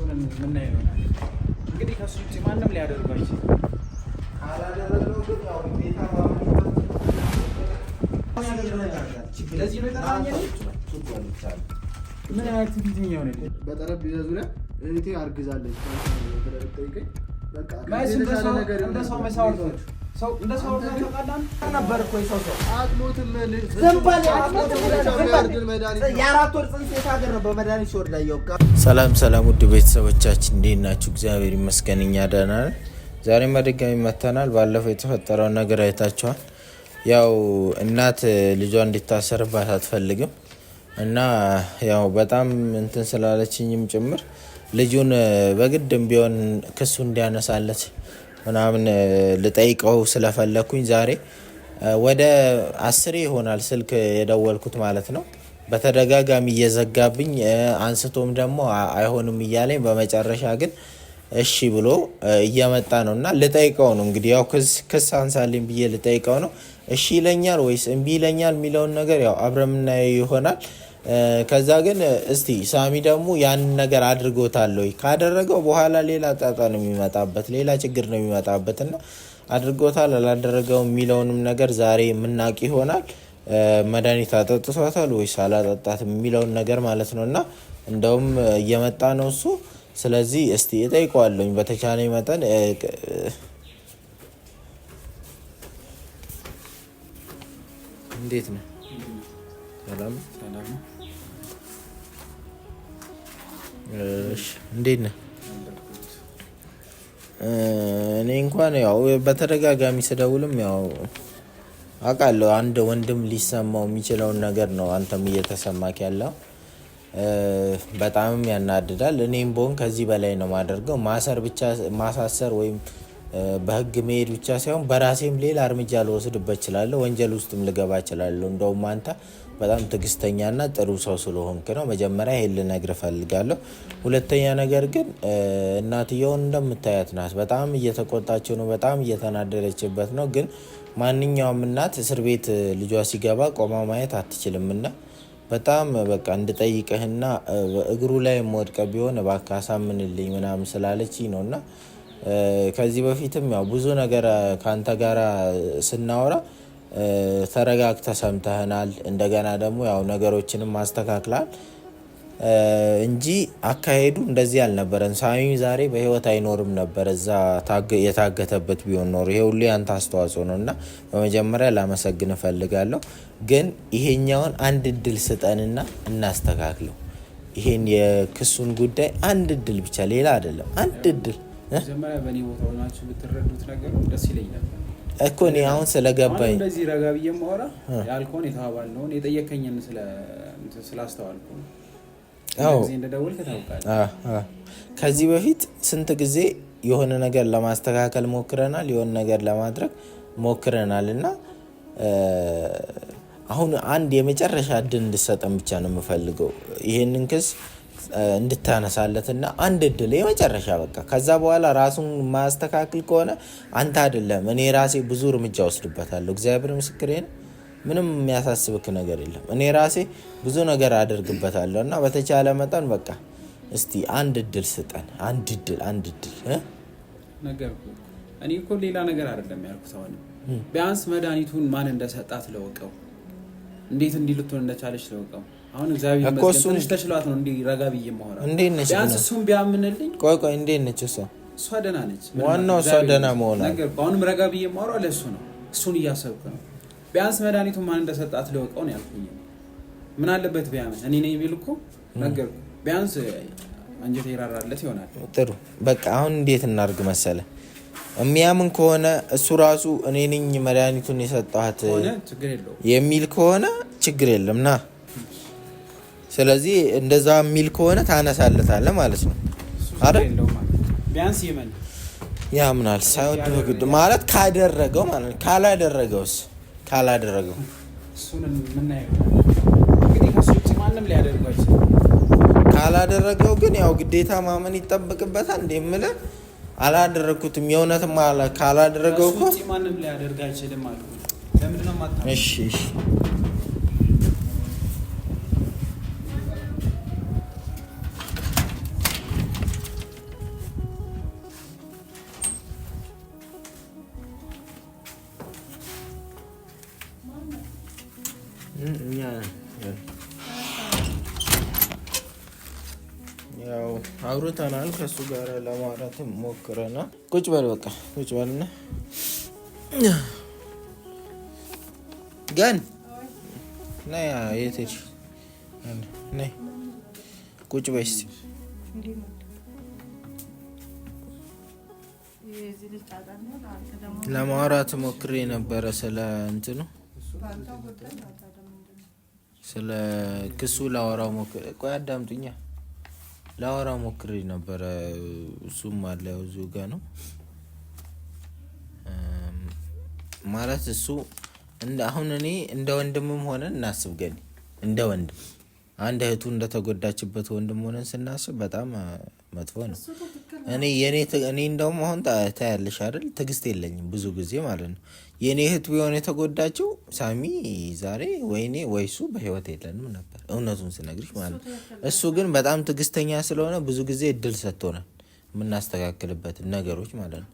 እሱን የምናይ ይሆናል። እንግዲህ ከሱ ውጭ ማንም ሊያደርጉ አይችልም። ካላደረግነው ግን ምን አይነት ጊዜ ሆነ በጠረጴዛ ዙሪያ እህቴ አርግዛለች። በቃ እንደሰው መሳወር ሰው ሰላም ሰላም፣ ውድ ቤተሰቦቻችን እንዴት ናችሁ? እግዚአብሔር ይመስገን እኛ ደህና ነን። ዛሬም በድጋሚ መተናል። ባለፈው የተፈጠረውን ነገር አይታችኋል። ያው እናት ልጇ እንዲታሰርባት አትፈልግም እና ያው በጣም እንትን ስላለችኝም ጭምር ልጁን በግድም ቢሆን ክሱ እንዲያነሳለች ምናምን ልጠይቀው ስለፈለግኩኝ ዛሬ ወደ አስሬ ይሆናል ስልክ የደወልኩት ማለት ነው። በተደጋጋሚ እየዘጋብኝ አንስቶም ደግሞ አይሆንም እያለኝ በመጨረሻ ግን እሺ ብሎ እየመጣ ነው እና ልጠይቀው ነው እንግዲህ ያው ክስ አንሳልኝ ብዬ ልጠይቀው ነው። እሺ ይለኛል ወይስ እምቢ ይለኛል የሚለውን ነገር ያው አብረምናየው ይሆናል። ከዛ ግን እስቲ ሳሚ ደግሞ ያንን ነገር አድርጎታል ወይ? ካደረገው በኋላ ሌላ ጣጣ ነው የሚመጣበት፣ ሌላ ችግር ነው የሚመጣበት እና አድርጎታል አላደረገው የሚለውንም ነገር ዛሬ የምናውቅ ይሆናል። መድኃኒት አጠጥቷታል ወይስ አላጠጣትም የሚለውን ነገር ማለት ነው። እና እንደውም እየመጣ ነው እሱ። ስለዚህ እስቲ እጠይቀዋለሁኝ በተቻለ መጠን እንዴት ነው ሰላም እንዴት ነህ? እኔ እንኳን ያው በተደጋጋሚ ስደውልም ያው አውቃለሁ አንድ ወንድም ሊሰማው የሚችለውን ነገር ነው አንተም እየተሰማክ ያለው። በጣምም ያናድዳል። እኔም በሆን ከዚህ በላይ ነው ማደርገው ማሰር ብቻ ማሳሰር ወይም በህግ መሄድ ብቻ ሳይሆን በራሴም ሌላ እርምጃ ልወስድበት እችላለሁ። ወንጀል ውስጥም ልገባ እችላለሁ። እንደውም አንተ በጣም ትግስተኛና ጥሩ ሰው ስለሆንክ ነው። መጀመሪያ ይሄን ልነግር ፈልጋለሁ። ሁለተኛ ነገር ግን እናትየውን እንደምታያት ናት። በጣም እየተቆጣችው ነው። በጣም እየተናደደችበት ነው። ግን ማንኛውም እናት እስር ቤት ልጇ ሲገባ ቆማ ማየት አትችልምና በጣም በቃ እንድጠይቅህና እግሩ ላይ ወድቀህ ቢሆን እባክህ አሳምንልኝ ምናምን ስላለች ነው እና ከዚህ በፊትም ያው ብዙ ነገር ከአንተ ጋር ስናወራ ተረጋግተ ሰምተህናል። እንደገና ደግሞ ያው ነገሮችንም ማስተካክላል እንጂ አካሄዱ እንደዚህ አልነበረን። ሳሚ ዛሬ በህይወት አይኖርም ነበር እዛ የታገተበት ቢሆን ኖሮ። ይሄ ሁሉ ያንተ አስተዋጽኦ ነው እና በመጀመሪያ ላመሰግን እፈልጋለሁ። ግን ይሄኛውን አንድ እድል ስጠንና እናስተካክለው። ይሄን የክሱን ጉዳይ አንድ እድል ብቻ ሌላ አይደለም፣ አንድ እድል መጀመሪያ በእኔ ቦታ ሆናችሁ ብትረዱት ነገሩ ደስ ይለኛል እኮ እኔ አሁን ስለገባኝ እንደዚህ ረጋ ብዬ ማወራ ያልከውን የጠየከኝን ስላስተዋልኩ ታውቃለህ። ከዚህ በፊት ስንት ጊዜ የሆነ ነገር ለማስተካከል ሞክረናል፣ የሆነ ነገር ለማድረግ ሞክረናል እና አሁን አንድ የመጨረሻ እድል እንድሰጠን ብቻ ነው የምፈልገው ይህንን ክስ እንድታነሳለትና አንድ እድል የመጨረሻ በቃ ከዛ በኋላ ራሱን ማስተካከል ከሆነ አንተ አይደለም እኔ ራሴ ብዙ እርምጃ ወስድበታለሁ። እግዚአብሔር ምስክሬን ምንም የሚያሳስብክ ነገር የለም። እኔ ራሴ ብዙ ነገር አደርግበታለሁ እና በተቻለ መጠን በቃ እስቲ አንድ እድል ስጠን፣ አንድ እድል፣ አንድ እድል ነገር እኔ እኮ ሌላ ነገር አይደለም ያልኩት። አሁን ቢያንስ መድኃኒቱን ማን እንደሰጣት ለወቀው፣ እንዴት እንዲህ እንደቻለች ለወቀው አሁን እግዚአብሔር ይመስገን ትንሽ ተሽሏት ነው እንዲህ ረጋ ብዬ እንዴት ነች? ቢያንስ እሱም ቢያምንልኝ። ቆይ ቆይ፣ እንዴት ነች እሷ? እሷ ደህና ነች። ዋናው እሷ ደህና መሆኗ። አሁንም ረጋ ብዬ ለእሱ ነው። እሱን እያሰብኩ ነው። ቢያንስ መድኃኒቱ ማን እንደሰጣት ልወቀው ነው ያልኩኝ። ምን አለበት ቢያምን? እኔ ነኝ ቢል እኮ ቢያንስ አንጀት ይራራለት ይሆናል። ጥሩ በቃ አሁን እንዴት እናድርግ መሰለ የሚያምን ከሆነ እሱ ራሱ እኔ ነኝ መድኃኒቱን የሰጣት የሚል ከሆነ ችግር የለም ና ስለዚህ እንደዛ የሚል ከሆነ ታነሳለታለ ማለት ነው አይደል? ያምናል ሳይወድ በግድ ማለት ካደረገው ማለት ካላደረገውስ ካላደረገው ካላደረገው ግን ያው ግዴታ ማመን ይጠበቅበታል። እንደ የምልህ አላደረግኩትም የእውነት ካላደረገው እኮ Mm, ያው አውርተናል። ከእሱ ጋር ለማውራት ሞክረናል። ቁጭ በል በቃ ቁጭ በልና ገን ነይ፣ የት ሄድሽ? ቁጭ በይ ለማውራት ሞክሬ ነበረ ስለ እንትኑ ስለ ክሱ ላወራው ሞክሬ ቆይ አዳምጡኛ ላወራው ሞክሬ ነበረ። እሱም አለ እዚሁ ጋ ነው ማለት እሱ አሁን እኔ እንደ ወንድምም ሆነን እናስብ ገኒ እንደ ወንድም አንድ እህቱ እንደተጎዳችበት ወንድም ሆነን ስናስብ በጣም መጥፎ ነው። እኔ የኔ እኔ እንደውም አሁን ታያለሽ አይደል? ትግስት የለኝም ብዙ ጊዜ ማለት ነው። የእኔ እህት ቢሆን የተጎዳችው ሳሚ ዛሬ ወይኔ ወይሱ በህይወት የለንም ነበር፣ እውነቱን ስነግርሽ ማለት ነው። እሱ ግን በጣም ትግስተኛ ስለሆነ ብዙ ጊዜ እድል ሰጥቶናል የምናስተካክልበት ነገሮች ማለት ነው።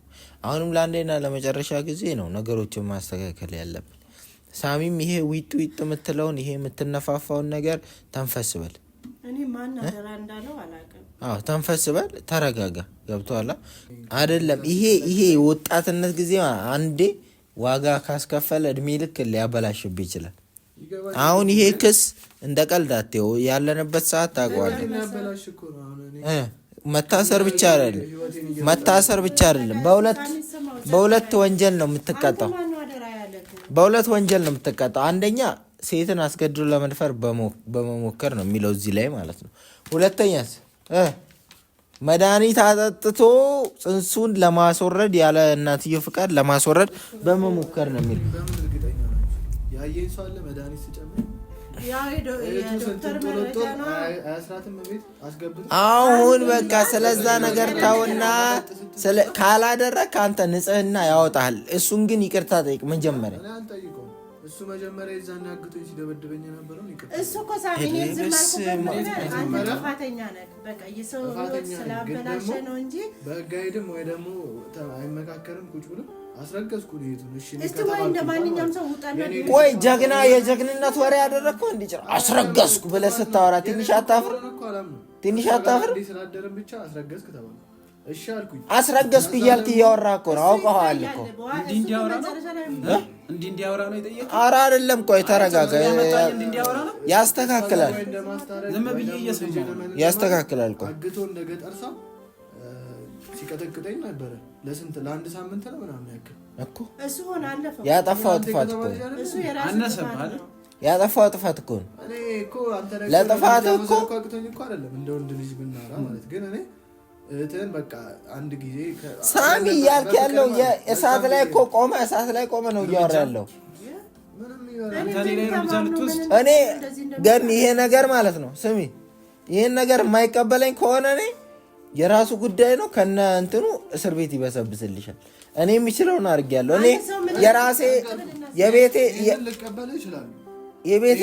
አሁንም ለአንዴና ለመጨረሻ ጊዜ ነው ነገሮችን ማስተካከል ያለብን። ሳሚም ይሄ ዊጥ ዊጥ የምትለውን ይሄ የምትነፋፋውን ነገር ተንፈስበል ተንፈስ በል ተረጋጋ። ገብቶሃል አይደለም? ይሄ ይሄ ወጣትነት ጊዜ አንዴ ዋጋ ካስከፈለ እድሜ ልክ ሊያበላሽብ ይችላል። አሁን ይሄ ክስ እንደ ቀልዳት ያለንበት ሰዓት ታውቀዋለህ። መታሰር ብቻ አይደለም መታሰር ብቻ አይደለም፣ በሁለት በሁለት ወንጀል ነው የምትቀጣው። በሁለት ወንጀል ነው የምትቀጣው አንደኛ ሴትን አስገድዶ ለመድፈር በመሞከር ነው የሚለው እዚህ ላይ ማለት ነው። ሁለተኛስ መድኃኒት አጠጥቶ ጽንሱን ለማስወረድ ያለ እናትየው ፍቃድ ለማስወረድ በመሞከር ነው የሚለው አሁን በቃ ስለዛ ነገር ታውና ካላደረግ ከአንተ ንጽህና ያወጣል። እሱን ግን ይቅርታ ጠይቅ መጀመሪያ እሱ መጀመሪያ የዛን ያግቶኝ ሲደበድበኝ ነበረው። እሱ እኮ ሳሚ እኔን ዝም አልኩበት። አንተ ጥፋተኛ ነህ፣ በቃ የሰው ሕይወት ስላበላሸ ነው እንጂ በሕግ አይሄድም ወይ ደግሞ አይመካከርም። ቁጭ ብሎ አስረገዝኩ ነው እሺ እስቲ ወይ እንደ ማንኛውም ሰው ውጣና ቆይ፣ ጀግና የጀግንነት ወሬ ያደረግከው እንዲጭር ጭራ አስረገዝኩ ብለህ ስታወራ ትንሽ አታፍር? ትንሽ አታፍር? ስላደረም ብቻ አስረገዝክ ተባለ። እሺ አልኩኝ። አስረገዝኩ እያልክ እያወራህ እኮ ነው። አውቀኸዋል እኮ እንዲህ እንዲያወራ ነው የጠየቀው። ኧረ አይደለም፣ ቆይ ተረጋጋ። ያስተካክላል፣ ዝም ብዬ እየሰማሁ ያስተካክላል። ቆይ አግቶ እንደ ገጠር ሰው ሲቀጠቅጠኝ ነበረ ለስንት ለአንድ ሳምንት ነው ምናምን ያክል እኮ እሱ ሆነ አለፈው። ያጠፋው ጥፋት እኮ እሱ የራሱ ማለት ያጠፋው ጥፋት እኮ ነው። ለጥፋት እኮ አቅቶኝ እኮ አይደለም እንደ ወንድ ልጅ ብናወራ ማለት ግን እኔ እህትህን በቃ አንድ ጊዜ ሳሚ እያልክ ያለው እሳት ላይ እኮ ቆመ፣ እሳት ላይ ቆመ ነው እያወራ ያለው። እኔ ገን ይሄ ነገር ማለት ነው ስሚ፣ ይህን ነገር የማይቀበለኝ ከሆነ እኔ የራሱ ጉዳይ ነው። ከነ እንትኑ እስር ቤት ይበሰብስልሻል። እኔ የሚችለውን አድርጌያለሁ። እኔ የራሴ የቤቴ የቤቴ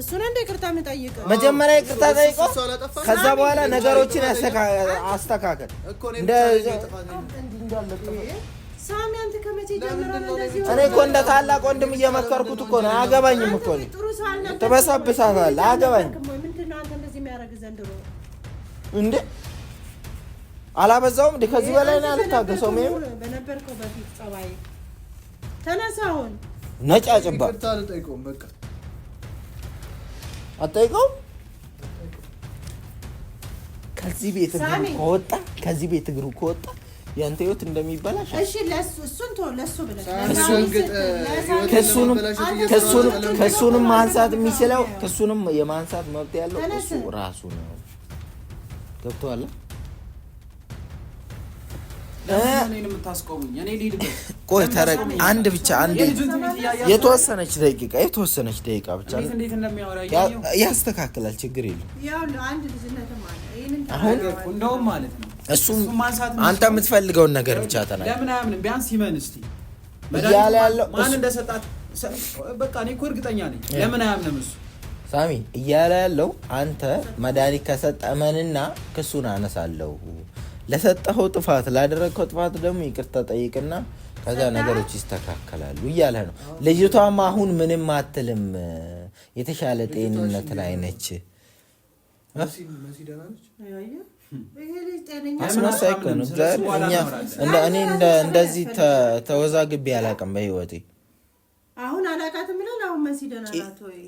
እሱን እንደ ይቅርታ የምጠይቀው መጀመሪያ ይቅርታ ጠይቆ ከዛ በኋላ ነገሮችን አስተካከል። እኔ እኮ እንደ ታላቅ ወንድም እየመከርኩት እኮ ነው። አያገባኝም እኮ ነው። ትበሳብሳታለህ። አያገባኝም እንዴ! አላበዛውም ከዚህ በላይ ነው በፊት ጸባይ ተነሳሁን ነጫጭባ አጠይቀው ከዚህ ቤት እግሩ ከወጣ ከዚህ ቤት እግሩ ከወጣ ያንተ ህይወት እንደሚበላሽ እሺ፣ ለሱ እሱን ተው፣ ለሱ ብለህ ከሱንም ማንሳት የሚችለው ከሱንም የማንሳት መብት ያለው እሱ ራሱ ነው። ገብቶሃል? ቆይ ተረቅ አንድ ብቻ አንድ የተወሰነች ደቂቃ የተወሰነች ደቂቃ ብቻ ያስተካክላል፣ ችግር የለም። አሁን እሱም አንተ የምትፈልገውን ነገር ብቻ ተና እያለ ያለው ሳሚ እያለ ያለው አንተ መድኃኒት ከሰጠመንና ክሱን አነሳለሁ ለሰጠኸው ጥፋት ላደረግከው ጥፋት ደግሞ ይቅርታ ጠይቅና ከዛ ነገሮች ይስተካከላሉ እያለ ነው። ልጅቷም አሁን ምንም አትልም፣ የተሻለ ጤንነት ላይ ነች። አስመሳይ እኮ ነው። እኔ እንደዚህ ተወዛግቤ አላውቅም በህይወቴ። አሁን አላውቃትም ብለን አሁን መሲ ደህና ናት ወይ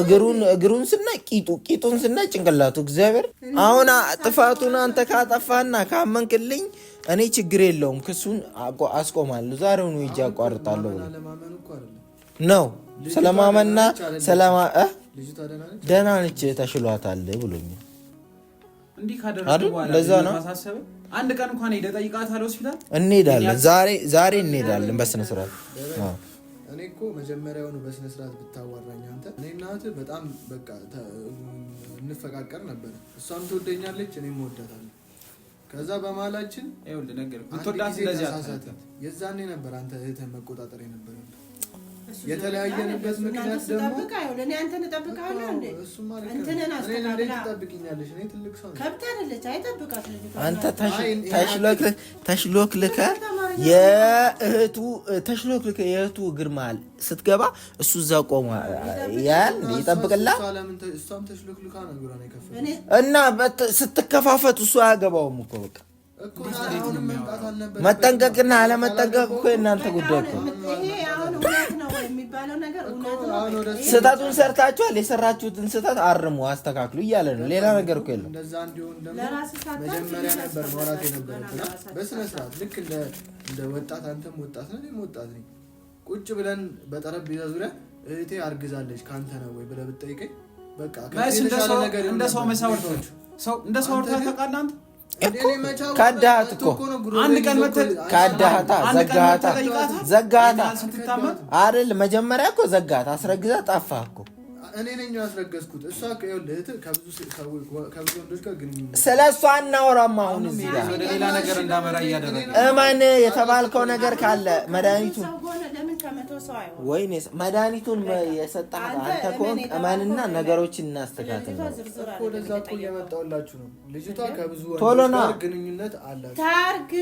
እግሩን እግሩን ስናይ ቂጡ ቂጡን ስናይ ጭንቅላቱ እግዚአብሔር። አሁን ጥፋቱን አንተ ካጠፋና ካመንክልኝ እኔ ችግር የለውም ክሱን አስቆማለሁ። ዛሬውኑ ሂጅ አቋርጣለሁ ነው ስለማመና ስለማ ደህና ነች ተሽሏታል ብሎኛል። ለዛ ነው አንድ ቀን እንኳን ሄደህ ጠይቃታለህ። ሆስፒታል እንሄዳለን፣ ዛሬ ዛሬ እንሄዳለን በስነስርዓት እኔ እኮ መጀመሪያውኑ በስነ ስርዓት ብታዋራኝ አንተ እኔ እናት በጣም በቃ እንፈቃቀር ነበር። እሷም ትወደኛለች፣ እኔም እወዳታለሁ። ከዛ በመሀላችን የዛኔ ነበር አንተ እህትህን መቆጣጠር የነበረ የተለያየንበት ምክንያት ደግሞ አንተን እጠብቅሃለሁ። እንትንን ትጠብቅኛለሽ? ትልቅ ሰው ከብት አይደለች። አንተ ተሽሎክ የእህቱ ተሽሎክልክ የእህቱ እግር መሃል ስትገባ እሱ እዛ ቆሞ ያን ይጠብቅላል እና ስትከፋፈት እሱ አያገባውም እኮ በቃ መጠንቀቅና አለመጠንቀቅ እኮ የእናንተ ጉዳይ እኮ ስህተቱን ሰርታችኋል፣ የሰራችሁትን ስህተት አርሙ፣ አስተካክሉ እያለ ነው። ሌላ ነገር እኮ የለም። መጀመሪያ ነበር ማውራት የነበረብን በስነ ስርዓት ልክ እንደ ወጣት፣ አንተም ወጣት ነህ፣ እኔም ወጣት ነኝ። ቁጭ ብለን በጠረጴዛ ዙሪያ እህቴ አርግዛለች ከአንተ ነው ወይ ብለህ ብትጠይቀኝ በቃ እንደ ሰው መሳወርቶች ሰው እንደ ሰው ወርታ ተቃላንት ከዳሃት እኮ አንድ ቀን ከዳሃታ ዘጋሃታ ዘጋሃታ አይደል? መጀመሪያ እኮ ዘጋሃት አስረግዛ ጣፋህ እኮ እኔ ነኝ ያስረገዝኩት። እሷ ከብዙ ወንዶች ጋር ግንኙነት ስለ እሷ አሁን እዚህ ጋር እመን የተባልከው ነገር ካለ መድኃኒቱን ወይኔ መድኃኒቱን የሰጠህ አንተ ከሆንክ እመንና ነገሮችን እናስተካክል። ወደዛ እኮ እየመጣሁላችሁ ነው። ልጅቷ ከብዙ ወንዶች ጋር ግንኙነት አላት ታርግ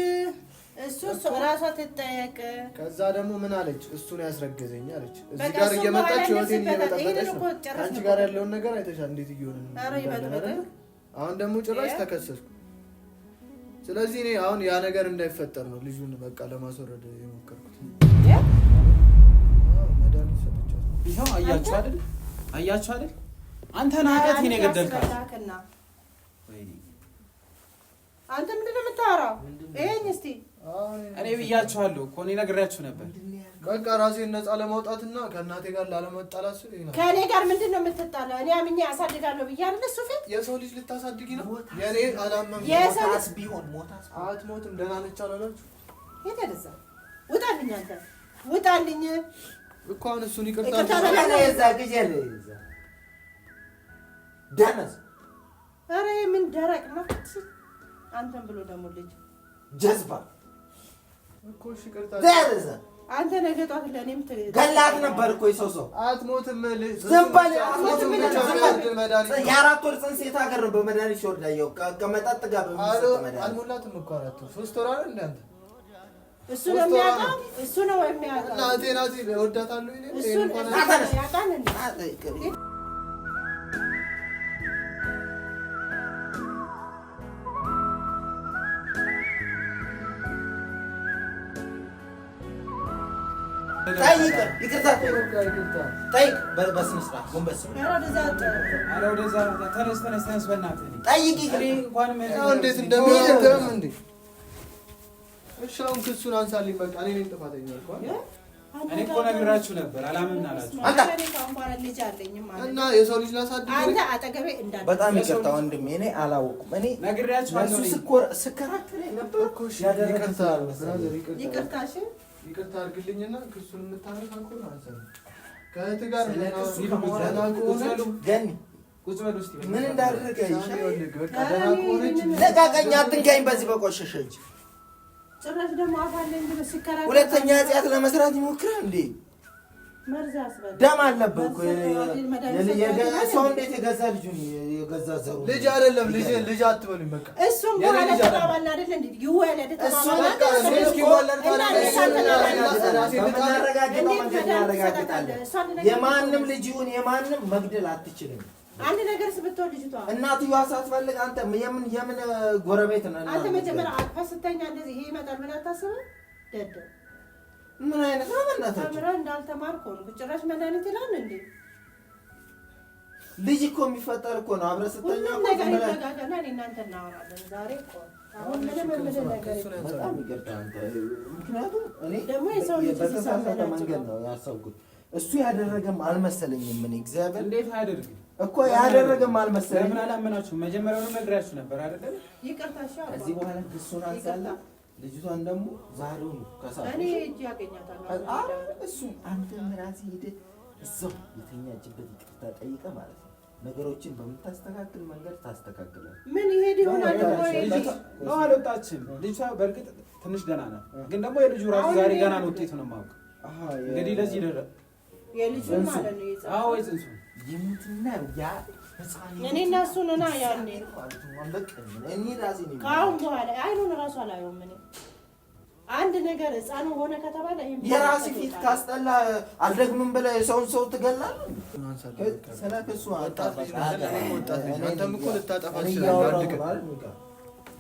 እሱ ራሷ ትጠየቅ። ከዛ ደግሞ ምን አለች? እሱን ያስረገዘኝ አለች። እዚህ ጋር እየመጣች ህይወቴን እየበጠበጠች ነው። አንቺ ጋር ያለውን ነገር አይተሻል፣ እንዴት እየሆነ አሁን ደግሞ ጭራሽ ተከሰስኩ። ስለዚህ እኔ አሁን ያ ነገር እንዳይፈጠር ነው ልጁን በቃ ለማስወረድ የሞከርኩት። ይኸው አያችሁ አይደል? አያችሁ አይደል? አንተ ናቀት ይሄን የገደልካት አንተ ምንድን ነው የምታወራው? ይሄን እስቲ እኔ ብያችኋለሁ እኮ እኔ ነግሬያችሁ ነበር። በቃ ራሴን ነፃ ለማውጣትና ከእናቴ ጋር ላለመጣላት ስል ከእኔ ጋር ምንድን ነው የምትጣለው? እኔ አምኜ አሳድጋለሁ ብያለሁ። እሱ ፊት የሰው ልጅ ልታሳድጊ ነው? የእኔ አላመም ቢሆን ሞታስ አትሞትም። ደህና ነች አላላችሁ? የት ውጣልኝ፣ አንተ ውጣልኝ እኮ አሁን እሱን ይቅርታ ዛ ጊዜ ደነዝ ኧረ የምን ደረቅ ነው አንተን ብሎ ደግሞ ልጅ ጀዝባ አንተ ነገ ጠዋት ለእኔም ገላት ነበር እኮ የሰው ሰው አትሞትም። ዝም በል አትሞትም። የአራት ወር ፅንስ የት ሀገር ነው? በመድኃኒት ሲወርድ አየሁ። ከመጠጥ ጋር አልሞላትም እኮ አራት ወር ሶስት ወር አይደል እንደ አንተ እሱ ነው የሚያውቀው። እሱ ነው የሚያውቀው። እናቴ ናት እወዳታለሁ። እሱ ነው ያውቃል። እሻውን ክሱን አንሳልኝ። በቃ እኔ ነኝ ጥፋተኛ እኔ እኮ ነግራችሁ ነበር። አላምን እና የሰው ልጅ ላሳድግ በጣም ይቅርታ ወንድሜ፣ እኔ አላወኩም። እኔ ነግራችሁ ስከራከር ነበር። ይቅርታ አድርግልኝና ክሱን የምታረግ አንተ ከእህት ጋር ምን እንዳደረገ ለቃቀኝ፣ አትንካኝ በዚህ በቆሸሸ እጅ። ሁለተኛ ኃጢአት ለመስራት ይሞክራል እንዴ? ደም አለበት። ሰው እንዴት የገዛ ልጁ የገዛ ዘሩ ልጅ አይደለም ልጅ ልጅ አትበሉኝ። በቃ እሱም በኋላ ተባባል አይደል እንዴ? ይወለድ ተባባል አይደል? የማንም ልጅ ይሁን የማንም መግደል አትችልም። አንድ ነገር ስብትሆን ልጅቷ እናትዮዋ ሳትፈልግ አንተ የምን የምን ጎረቤት ነህ አንተ መጀመሪያ አልፋ እንደዚህ ይሄ ይመጣል ምን አታስብም ደደ ምን አይነት ነው በእናትህ? ተምረህ እንዳልተማርክ ሆንክ። ጭራሽ መድኃኒት ይላል እንዴ? ልጅ እኮ የሚፈጠር እኮ ነው። አብረህ ስተኛ እኮ ነገር ይረጋጋና እናንተ እናወራለን። ዛሬ እኮ እሱ ያደረገም አልመሰለኝም። ምን እግዚአብሔር እንዴት አያደርግም እኮ ያደረገም አልመሰለኝም። ለምን አላመናችሁም? መጀመሪያውኑ ነግራችሁ ነበር አይደለም? ይቅርታ። እዚህ በኋላ ክሱን አንሳላ ልጅቷን ደግሞ ዛሬው ነው ከሰዓት እኔ እጅ ያገኛታለሁ። እሱ አንተም ራስህ ሄደህ እዛው የተኛችበት ይቅርታ ጠይቀ ማለት ነው ነገሮችን በምታስተካክል መንገድ ታስተካክላለህ። ምን ይሄድ ይሆናል ነው አልወጣችም። ልጅቷ በእርግጥ ትንሽ ገና ነው፣ ግን ደግሞ የልጁ ራሱ ዛሬ ገና ነው ውጤቱን የማውቅ እንግዲህ ለዚህ ደረ የልጁ ማለት ነው የምትና ያ እኔ እና እሱን እና ያኔ ከአሁን በኋላ አይኑን እራሱ አላየውም። እኔ አንድ ነገር ህፃኑ ሆነ ከተባለ የራስ ፊት ካስጠላ አልደግምም ብለህ ሰውን ሰው ትገላለህ። ስለ ክሱ አጣፋ ወጣት ልታጠፋ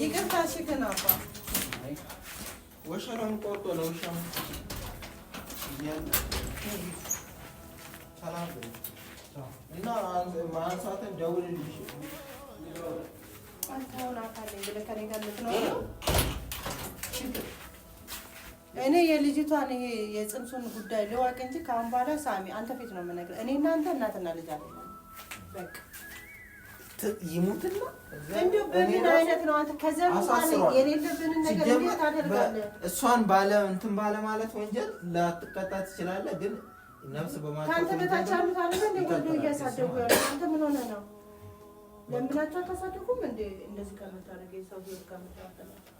ይቅርታ ሽክን አባ ቆርጦ ለውሻም እና ማንሳትን ደውልልሽ እኔ የልጅቷን ይሄ የጽንሱን ጉዳይ ልወቅ እንጂ ከአሁን በኋላ ሳሚ አንተ ፊት ነው የምነግርህ። እኔ እናንተ እናትና ልጅ አለ በቃ ይሙትና እንደው በምን አይነት ነው አንተ ከዚያ በኋላ የሌለብንን ነገር እንዴት አደርጋለህ? እሷን ባለ እንትን ባለ ማለት ወንጀል ላትቀጣ ትችላለህ፣ ግን ነፍስ በማለት ከአንተ በታች አሉት አለ እንደገዶ እያሳደጉ ያሉ አንተ ምን ሆነ ነው ለምናቸው አታሳድጉም እንዴ? እንደዚህ ከምታደርገ ሰው ጋር ምታጠላ